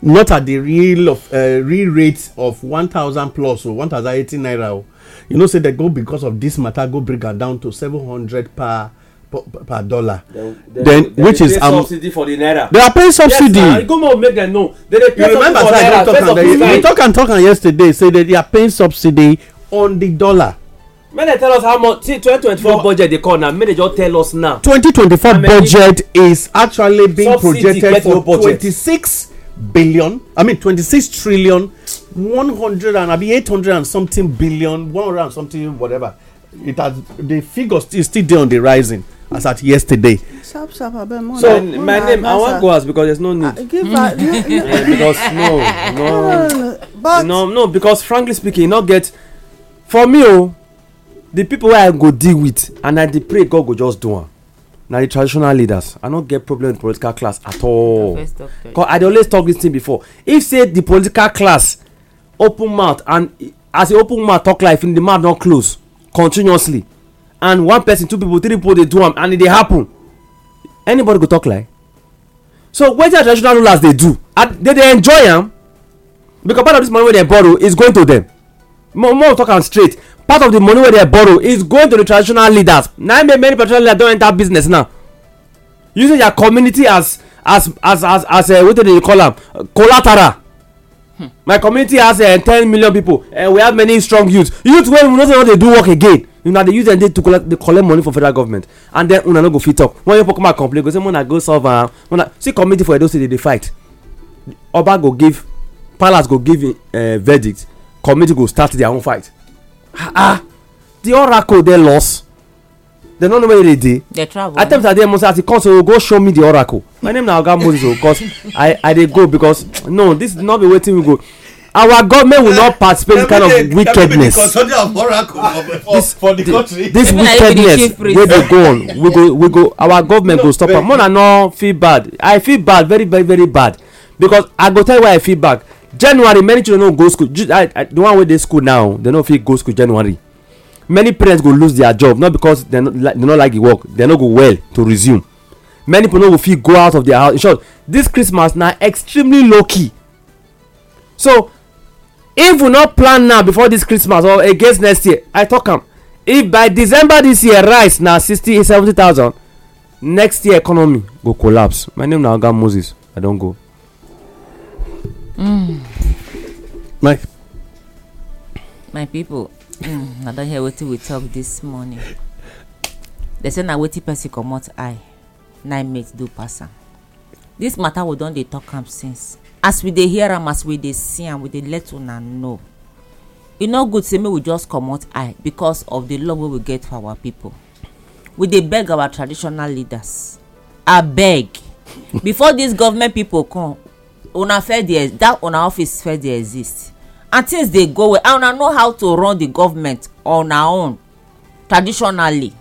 Speaker 2: Not at the real of uh, real rate of one thousand plus or one thousand eighty naira. You know, say they go because of this matter, go break it down to 700 per per, per dollar. Then, then, then, then which is um,
Speaker 3: subsidy for the naira. They are paying subsidy. Yes, sir. Go on, make them know. They, they pay you remember, sir, I don't talk and, they, we talk
Speaker 2: and talk and yesterday say that they are paying subsidy on the dollar.
Speaker 3: May they tell us how much see 2024 no. budget they call now. May they just tell us now.
Speaker 2: 2024 I mean, budget is actually being projected for 26 billion. I mean 26 trillion 100 and I mean 800 and something billion 100 and something whatever. It has the figures is still there on the rising as at yesterday.
Speaker 4: Sharp, sharp, so my name I wan go ask because there's no need. Uh, give her, you, you. Uh, because no no no, no no
Speaker 3: because frankly speaking e no get for me o. Oh, the people wey i go deal with and i dey pray god go just do am na the traditional leaders i no get problem with political class at all cause i dey always talk this thing before if say the political class open mouth and as e open mouth talk like the mouth don close continuously and one person two people three people dey do am and e dey happen anybody go talk like? so wetin traditional rulers dey do they dey enjoy am because part of this money wey dem borrow is going to them more more talk am straight part of the money wey dem borrow is going to the traditional leaders na im make many traditional leaders don enter business now using their community as as as as as uh, eh, wetin dem dey call am collateral hmm. my community has uh, ten million people and eh, we have many strong youths Youth wey we know say no dey do work again una dey use dem dey to collect dey collect money for federal government and then una no go fit talk when people come out complain go say una go solve am una see community for edo state dey dey fight oba go give palace go give uh, verdict committee go start their own fight ah, ah the oracle dey lost They no know where e dey tell attempt at dey moses as e come so go show me the oracle my name na oga moses o oh, cause i i dey go because no this no be wetin we go our government will not participate in kind of wickedness
Speaker 2: this this wickedness
Speaker 3: wey dey go on we go we go our government go stop am more than no feel bad i feel bad very very very bad because i go tell you why i feel bad january many children no go school the one wey dey school now they no fit go school january many parents go lose their job not because they no like the work they no go well to resume many people no go fit go out of their house in short this christmas na extremely low key so if we no plan now before this christmas or against next year i talk am if by december this year rice na sixty seventy thousand next year economy go collapse my name na oga moses i don go.
Speaker 1: My, mm.
Speaker 5: My people, mm, I don't hear what we talk this morning. They say na wetin person comot eye na im mate do pass am. This matter we don dey talk am since. As we dey hear am as we dey see am we dey let una know. E no good say make we just comot eye because of the love wey we get for our people. We dey beg our traditional leaders abeg before these government people come una fair dey that una office fair dey exist and things dey go well and una know how to run the government on una own traditionally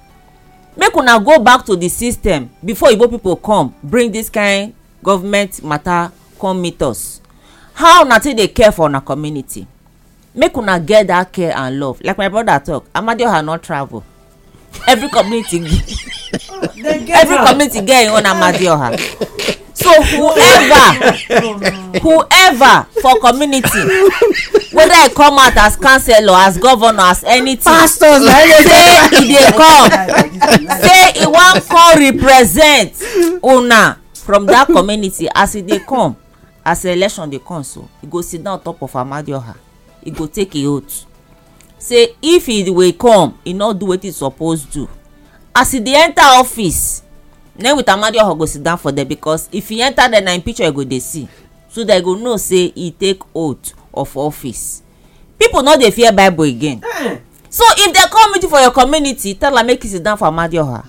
Speaker 5: make una go back to the system before igbo people come bring this kind government matter come meet us how una take dey care for una community make una get that care and love like my brother talk amadioha no travel every community every community get im own amadioha so whoever whoever for community whether I come out as councillor as governor as anything pastor say e dey come say e wan come represent una from that community as e dey come as election dey come so e go sit down top of amadioha e go take a oath say if e dey come e no do wetin e suppose do as e dey enter office then with amadioha go sit down for there because if he enter there na im picture e go dey see so dem go know say he take oath of office people no dey fear bible again eh. so if dem come meet you for your community tell am make e sit down for amadioha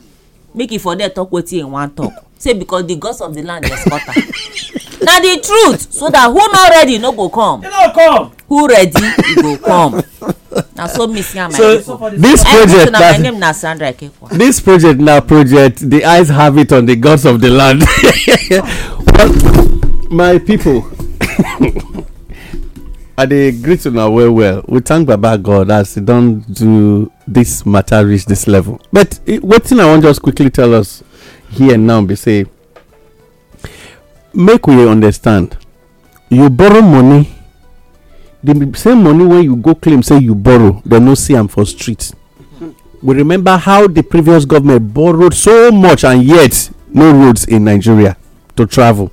Speaker 5: make e for there talk wetin e wan talk say because the gods of the land dey scatter na the truth so that who no ready no go come who ready e go
Speaker 2: come na
Speaker 5: so miss am so this project na my name na sandra ikekwa.
Speaker 2: this project na project the eyes have it on the gods of the land but my people i dey greet una well well we thank baba god as e don do this matter reach this level but eh, wetin i wan just quickly tell us here now be say make we understand you borrow money the same money when you go claim say you borrow dem no see am for street we remember how the previous government borrowed so much and yet no roads in nigeria to travel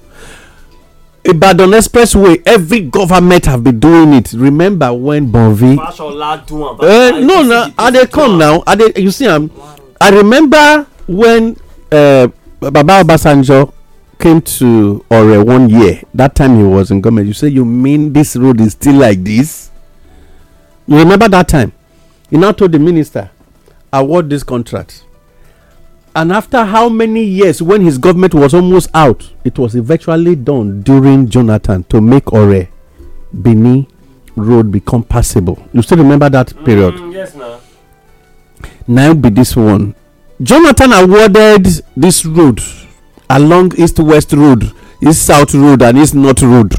Speaker 2: ibadan expressway every government have been doing it remember when bonvi
Speaker 3: uh, eh,
Speaker 2: no na i dey come now i dey you see am i remember when uh, baba obasanjo came to Ore one year, that time he was in government, you say, You mean this road is still like this? You remember that time? He now told the minister, Award this contract. And after how many years, when his government was almost out, it was eventually done during Jonathan to make Ore Bini road become passable. You still remember that mm, period? Yes, now. Now be this one. Jonathan awarded this road along east west road east south road and east north road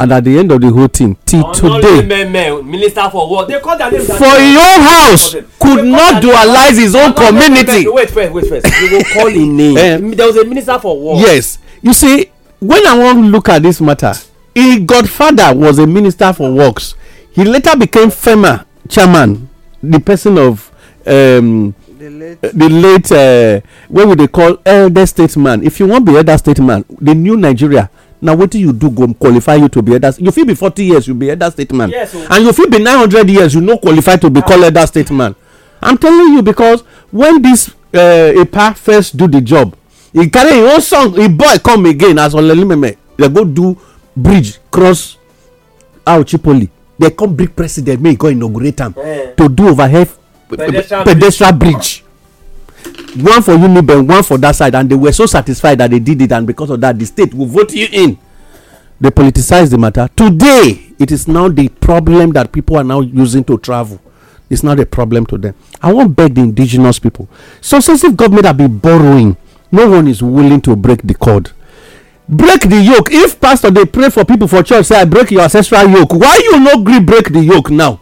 Speaker 2: and at the end of the whole thing till today
Speaker 3: minister for work they call that name for your house
Speaker 2: could not dualize his own
Speaker 3: community wait first wait first you
Speaker 2: will call im name eh? there was
Speaker 3: a minister for work yes
Speaker 2: you see when i want to look at this matter his godfather was a minister for works he later became fema chairman the person of um, the late the late uh, what would they call elder statesman if you wan be elder statesman the new nigeria na wetin you do go qualify you to be elder you fit be forty years you be elder statesman yes, so oh. and you fit be nine hundred years you no qualify to be called elder statesman i'm telling you because when this uh, epa first do the job he carry him own song he boy come again as olelimeme dey go do bridge cross out chipoli dey come bring president May he go inaugurate am yeah. to do overhead
Speaker 1: pedestrian,
Speaker 2: bridge. one for uniben one for that side and they were so satisfied that they did it and because of that the state will vote you in they politicized the matter today it is now the problem that people are now using to travel it's not a problem to them i won't beg the indigenous people successive government have been borrowing no one is willing to break the cord break the yoke if pastor they pray for people for church say i break your ancestral yoke why you no gree break the yoke now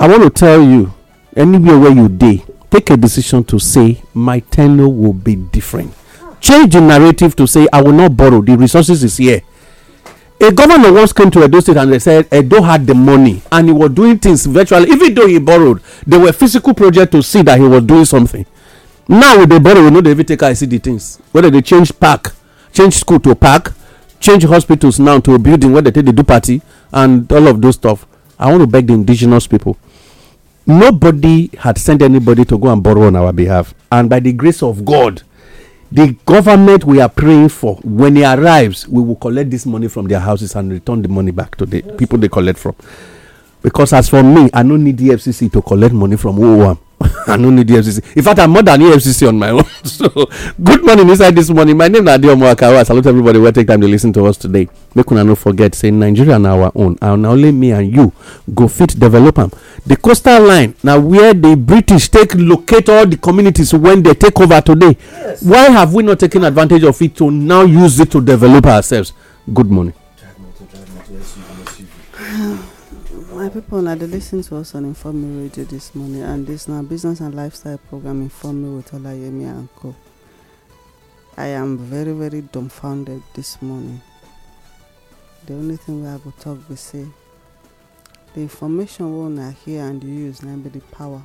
Speaker 2: i want to tell you anywhere where you dey take a decision to say my tenure will be different change the narrative to say i will not borrow the resources is here a governor once came to Edo State and they said Edo had the money and he was doing things virtually, even though he borrowed. There were physical projects to see that he was doing something. Now with the borrow, we know they even take see the things. Whether they change park, change school to park, change hospitals now to a building where they take the do party and all of those stuff. I want to beg the indigenous people. nobody had sent anybody to go and borrow on our behalf. And by the grace of God, the government we are praying for, when it arrives, we will collect this money from their houses and return the money back to the yes. people they collect from. Because as for me, I don't need the FCC to collect money from OOM. I no need the FCC. In fact, I'm more than EFCC on my own. so, good morning inside this morning. My name is Adi Omoakawa. I salute everybody who take time to listen to us today. Make una no forget, say Nigeria na our own. And now only me and you go fit develop am. The coastal line na where the British take locate all the communities when they take over today. Yes. Why have we not taken advantage of it to now use it to develop ourselves? Good morning.
Speaker 4: people, now they listen to us on Informe Radio this morning, and this now business and lifestyle program Informe with Olayemi and Co. I am very, very dumbfounded this morning. The only thing we have to talk we say, the information we wanna hear and use, now be the power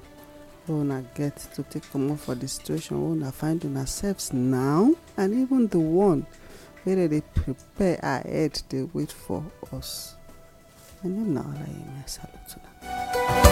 Speaker 4: we wanna get to take comot for the situation we wanna find ourselves now, and even the one where they prepare ahead, they wait for us. Seninle arayayım ya salutuna.